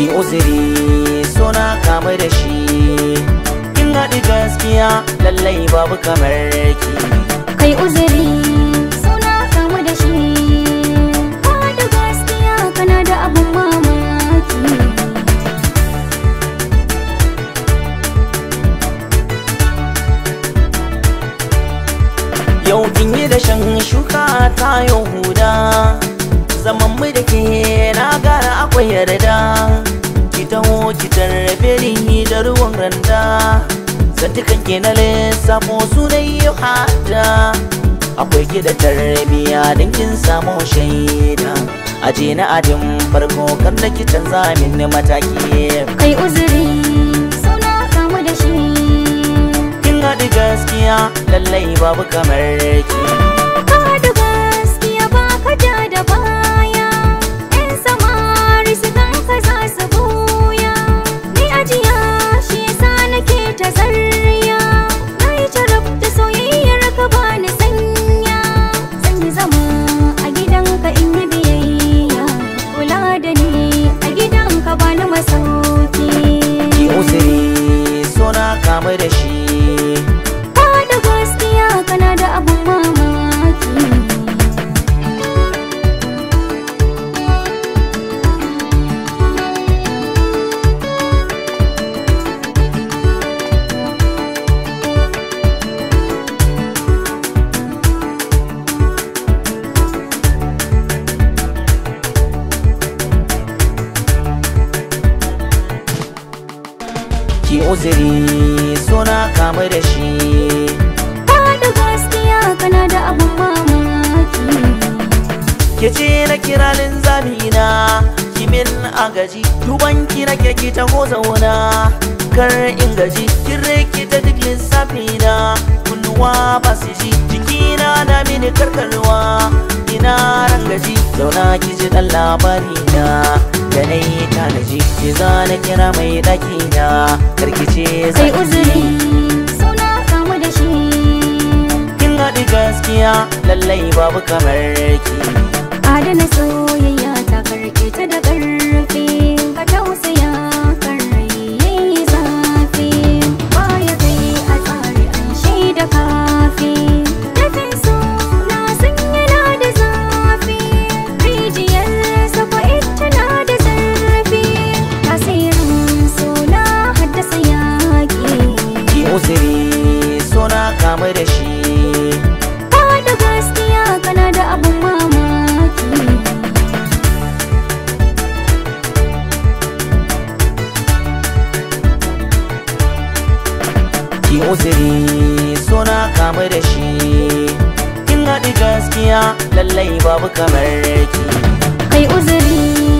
miki uzuri suna kama da shi kin haɗi gaskiya lallai babu kamar ki kai uzuri suna kama da shi da gaskiya kana da abun mamaki yau kin yi da shan shuka ta yau huda zaman mu da ke na gara akwai yarda taho ki tarbe da ruwan randa zantukan kanke na lissafo su akwai ki da tarbiya don kin samu shaida aje na adin farko kan da ki zamin mataki kai uzuri suna kamu da shi kin gaskiya lallai babu kamar ki miki uzuri suna kamu da shi da gaskiya kana da abun mamaki ke ce na kiralin zamina kimin a gaji dubanki na keke ta ho zauna kar in gaji ki ta duk lissafina kulluwa ba su ji jikina na mini karkarwa ina rangaji zauna ki ji dan labarina na da na kira mai ɗaki na karkice zai uzuri suna kamu da shi kin haɗi gaskiya lallai babu kamar ki adana soyayya uzuri so na kamu da shi da gaskiya kana da abun mamaki ki uzuri so na kamu da shi kin haɗi gaskiya lallai babu kamar ki kai uzuri